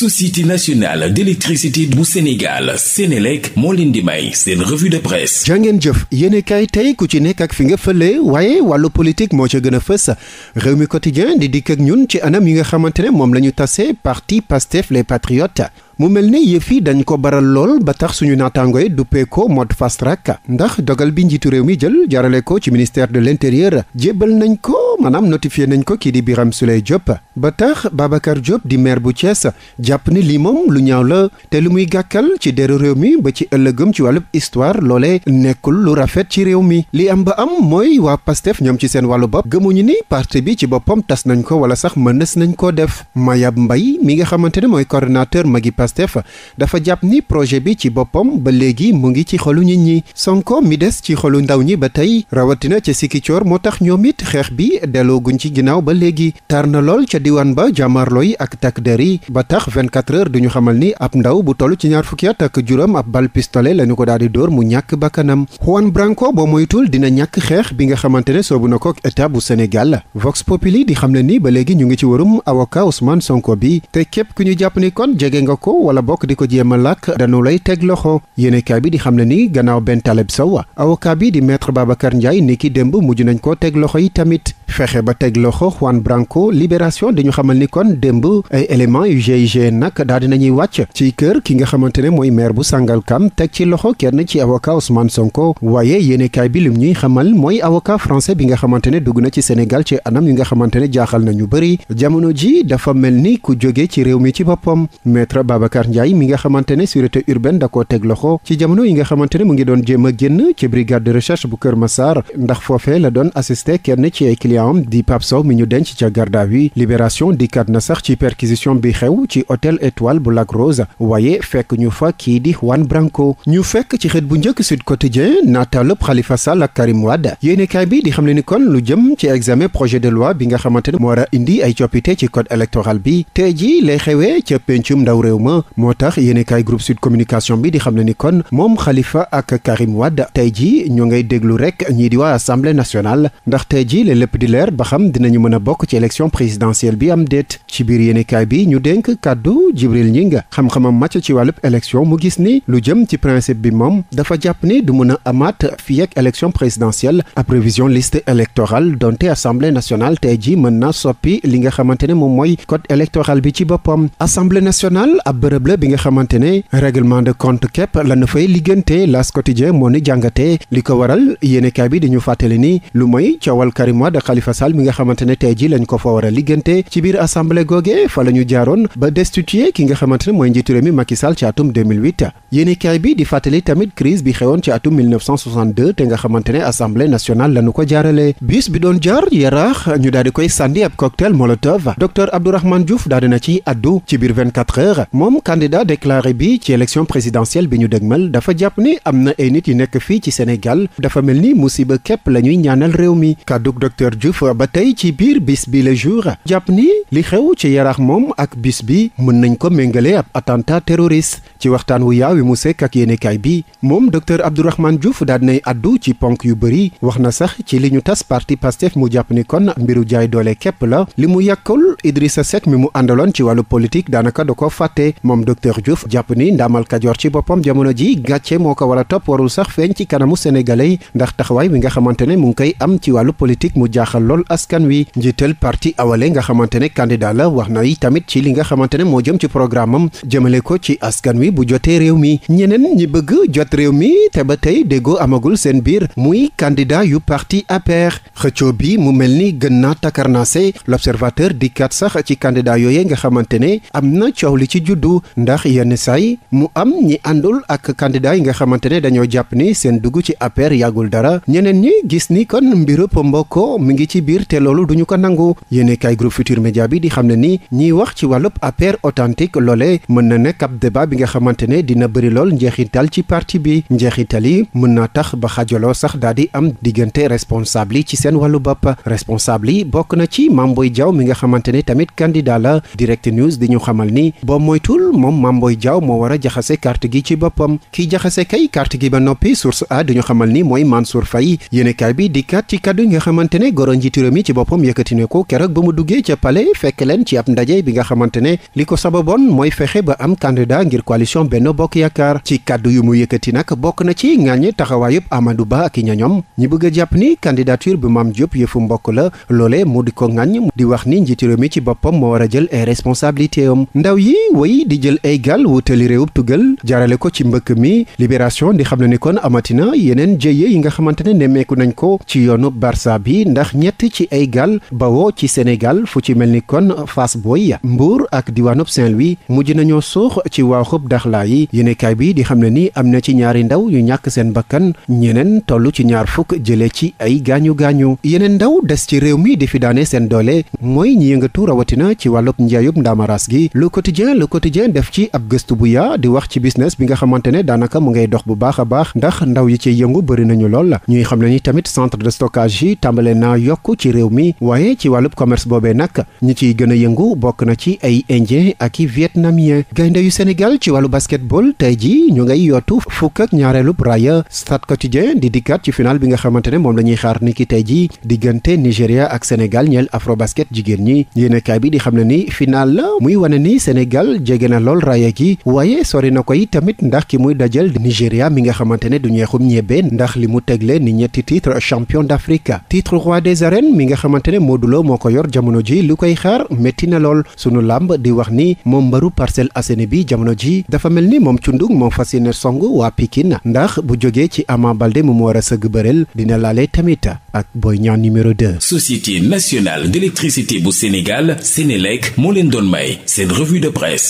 société nationale d'électricité bu Sénégal Sénélec moo leen di may seen de presse jàngeen jëf yéene kaay tey ku ci nekk ak fi nga fële waaye wàllu politique moo ca gën a fës réew mi quotidien di dikk ak ñun ci anam yi nga xamante ne moom la tasse tase parti Pastef les Patriotes mu mel ni yëf yi dañ ko baral lool ba tax suñu naataango yi duppee ko mode fast track ndax dogal bi njiitu réew mi jël jarale ko ci ministère de l'intérieur jébbal nañ ko maanaam notifié nañ ko kii di Birame Souleye Diop ba tax Babacar Diop di maire bu Thiès jàpp ni lii moom lu ñaaw la te lu muy gàkkal ci deru réew mi ba ci ëllëgëm ci wàllu wàllub histoire loolee nekkul lu rafet ci réew mi li am ba am mooy waa Pastef ñoom ci seen wàllu bopp gëmuñu ni parti bi ci boppam nañ ko wala sax mënees nañ koo def Mayab Mbaye mi nga xamante ne mooy coordonnateur magi Pastef dafa jàpp ni projet bi ci boppam ba léegi mu ngi ci xolu nit ñi Sonko mi des ci xolu ndaw ñi ba tey rawatina ca Sikicoor moo tax ñoom it xeex bi delloo guñ ci ginnaaw ba léegi tar na lool ca diwaan ba jàmmarloo yi ak takk der yi ba tax 24 heures duñu xamal ni ab ndaw bu toll ci ñaar fukki ak juróom ab bal pistolet lañu ko daal di dóor mu ñàkk bakkanam Juan Branco boo moytul dina ñàkk xeex bi nga xamante ne soobu na ko état bu Sénégal Vox Populi di xam ne ni ba léegi ñu ngi ci warum avocat Ousmane Sonko bi te képp ku ñu jàpp ni kon jege nga ko ko wala bokk di ko jéem a làkk dañu lay teg loxo kaay bi di xam ne ni gannaaw benn Taleb Sow avocat bi di maître Babacar Ndiaye ni ki démb mujj nañ koo teg loxo yi tamit fexe ba teg loxo Juan Branco libération dañu xamal ni kon démb ay éléments yu GIGN nag daal dinañuy wàcc ci kër ki nga xamante ne mooy maire bu Sangalkam teg ci loxo kenn ci avocat Ousmane Sonko waaye yéenekaay bi lim ñuy xamal mooy avocat français bi nga xamante ne dugg na ci Sénégal ci anam yu nga xamante ne jaaxal na ñu bëri jamono ji dafa mel ni ku jóge ci réew mi ci boppam maître Babacar Ndiaye mi nga xamante ne sûreté urbaine da koo teg loxo ci jamono yi nga xamante ne mu ngi doon jéem a génn ci brigade de bu Kër Massar ndax foofee la doon assister kenn ci ay client di Pape Sow mi ñu denc ca garda bi libération dikkaat na sax ci perquisition bi xew ci hôtel étoile bu Lac Rose waaye fekk ñu fa kii di Juan Branco ñu fekk ci xët bu njëkk Sud Quotidien nataalub Khalifa Sall ak Karim Wade yéenekaay bi di xam le ni kon lu jëm ci examen projet de loi bi nga xamante ne moo war a indi ay coppite ci code électoral bi tey ji lay xewee ca pencum ndaw réew ma moo tax yéenekaay groupe Sud Communication bi di xam le ni kon moom Khalifa ak Karim ji ñu ngay déglu rek ñii di leer ba xam dinañu mën a bokk ci élection présidentielle bi am déet ci biir yéenekaay bi ñu dénk kàddu Jibril Ñinga xam-xamam màcc ci wàllub élection mu gis ni lu jëm ci principe bi moom dafa jàpp ni du mën a amaat fii ak élection présidentielle ab révision liste électorale donte assemblée national tey ji mën na soppi li nga xamante ne moom mooy code électoral bi ci boppam assemblée national ab bërëb la bi nga xamante ne règlement de compte képp lana fay liggante L'As Quotidien moo ni jàngatee li ko waral yéenekaay bi dañu fàttali ni Khalifa Sall mi nga xamante tey ji lañ ko fa war a liggante ci biir assemblée googe fa la jaaroon ba destitué ki nga xamante mooy njiitu mi Macky Sall atum 2008 bi di fàttali tamit crise bi xewoon ci atum te nga xamante ne assemblée lañu ko jaarale bis bi doon jaar yaraax ñu daal koy sànni ab cocktail molotov docteur Abdourahmane Diouf daal dina ci addu ci biir 24 moom candidat déclaré bi ci élection présidentielle bi ñu dëgmal dafa Diouf ba tey ci biir bis bi la jour jàpp ni li xew ci yarax moom ak bis bi mën nañ ko méngale ab attentat terroriste ci waxtaan wu yaaw wi mu sekk ak yéenekaay bi moom docteur Abdourahmane Diouf daal dinay addu ci ponk yu bëri wax na sax ci li ñu tas parti Pastef mu jàpp ni kon mbiru jaay doole képp la li mu yàkkul sa Seck mi mu àndaloon ci wàllu politique daanaka da ko fàtte moom docteur Diouf jàpp ni ndaamal kajoor ci boppam jamono ji gàcce moo ko war a topp warul sax feeñ ci kanamu sénégalais ndax taxawaay wi nga xamante ne mu ngi koy am ci wàllu politique mu jaaxal askan wi njiital parti awale nga xamante ne candidat la wax na yi tamit ci li nga xamante ne moo jëm ci programme am jëmale ko ci askan wi bi bu jotee réew mi ñeneen ñi bëgg jot réew mi te ba tey déggoo amagul seen biir muy candidat yu parti APR xëccoo bi mu mel ni gën naa takarnase l'observateur dikkaat sax ci candidat yooyee nga xamante ne am na coow li ci juddu ndax yenn saay mu am ñi àndul ak candidat yi nga xamante ne dañoo jàpp ni seen dugg ci APR yàggul dara ñeneen ñi gis ni kon mbirëb mbokkoo mu ngi ci biir te loolu duñu ko nangu yéene kaay groupe Futur Média bi di xam ne ni xamante ne dina bëri lool njeexital ci parti bi njeexital yi mën naa tax ba xajaloo sax daal di am diggante responsable yi ci seen wàllu bopp responsable yi bokk na ci Mame Boye Diao mi nga xamante ne tamit candidat la direct news di ñu xamal ni boo moytul moom Mame Boye Diao moo war a jaxase carte gi ci boppam kii jaxase kay carte gi ba noppi source a di ñu xamal ni mooy Mansour Faye yéenekaay bi di kat ci kaddu yi nga xamante ne goro njiitu réew ci boppam yëkkati ko keroog ba mu duggee ca fekk leen ci ab ndaje bi nga xamante ne li ko sababoon mooy fexe ba am candidat ngir coalition coalition Benno Bokk Yaakaar ci kàddu yu mu yëkkati nag bokk na ci ŋàññe taxawaayub Amadou Ba ak i ñoñom ñi bëgg a jàpp ni candidature bu Mame Diop yëfu mbokk la loole mu di ko ŋàññ di wax ni njiitu réew mi ci boppam moo war a jël ay responsabilité am ndaw yi woy di jël ay gaal wutali réewub tugal jaarale ko ci mbëkk mi libération di xam na ni kon amatina yeneen jëye yi nga xamante ne nemmeeku nañ ko ci yoonu barsa bi ndax ñett ci ay gaal bawoo ci Sénégal fu ci mel ni kon Fass Boy Mbour ak diwaanub Saint-Louis mujj nañoo Dakhla yi yéenekaay bi di xam ne ni am na ci ñaari ndaw yu ñàkk seen bakkan ñeneen tollu ci ñaar fukk jëlee ci ay gaañu gaañu yeneen ndaw des ci réew mi di fi daane seen doole mooy ñi yëngatu rawatina ci wàllu njaayub ndaamaraas gi Le Quotidien Le Quotidien def ci ab gëstu bu yaa di wax ci business bi nga xamante ne daanaka mu ngay dox bu baax a baax ndax ndaw yi ciy yëngu bëri nañu lool ñuy xam ne ni tamit centre de stockage yi tàmbale naa yokk ci réew mi waaye ci wàllub commerce boobee nag ñi ciy gën a yëngu bokk na ci ay indien basketball tey jii ñu ngay yootu fukk ak ñaareelu raaya stade quotidien di dikkaat ci final bi nga xamante ne moom la ñuy xaar niki tey jii diggante Nigéria ak Sénégal ñeel basket jigéen ñi yéenekaay bi di xam ne ni final la muy wane ni Sénégal jege na lool raaya gi waaye sori na ko yi tamit ndax ki muy dajal Nigéria mi nga xamante ne du ñeexum ñebe ndax li mu tegle ni ñetti titre champion d'Afrique titre roi des arènes mi nga xamante ne Modou Lo moo ko yor jamono ji lu koy xaar métti na lool sunu làmb di wax ni moom mbaru Parcelles Assainies bi jamono ji dafa mel ni moom Cundung moom fas yéene song waa Pikine ndax bu jógee ci Ama Baldé mu mu war a sëgg bëreel dina laale tamit ak Boy Niang numéro 2. Société nationale d'électricité bu Sénégal Sénélec moo leen doon may seen revue de presse.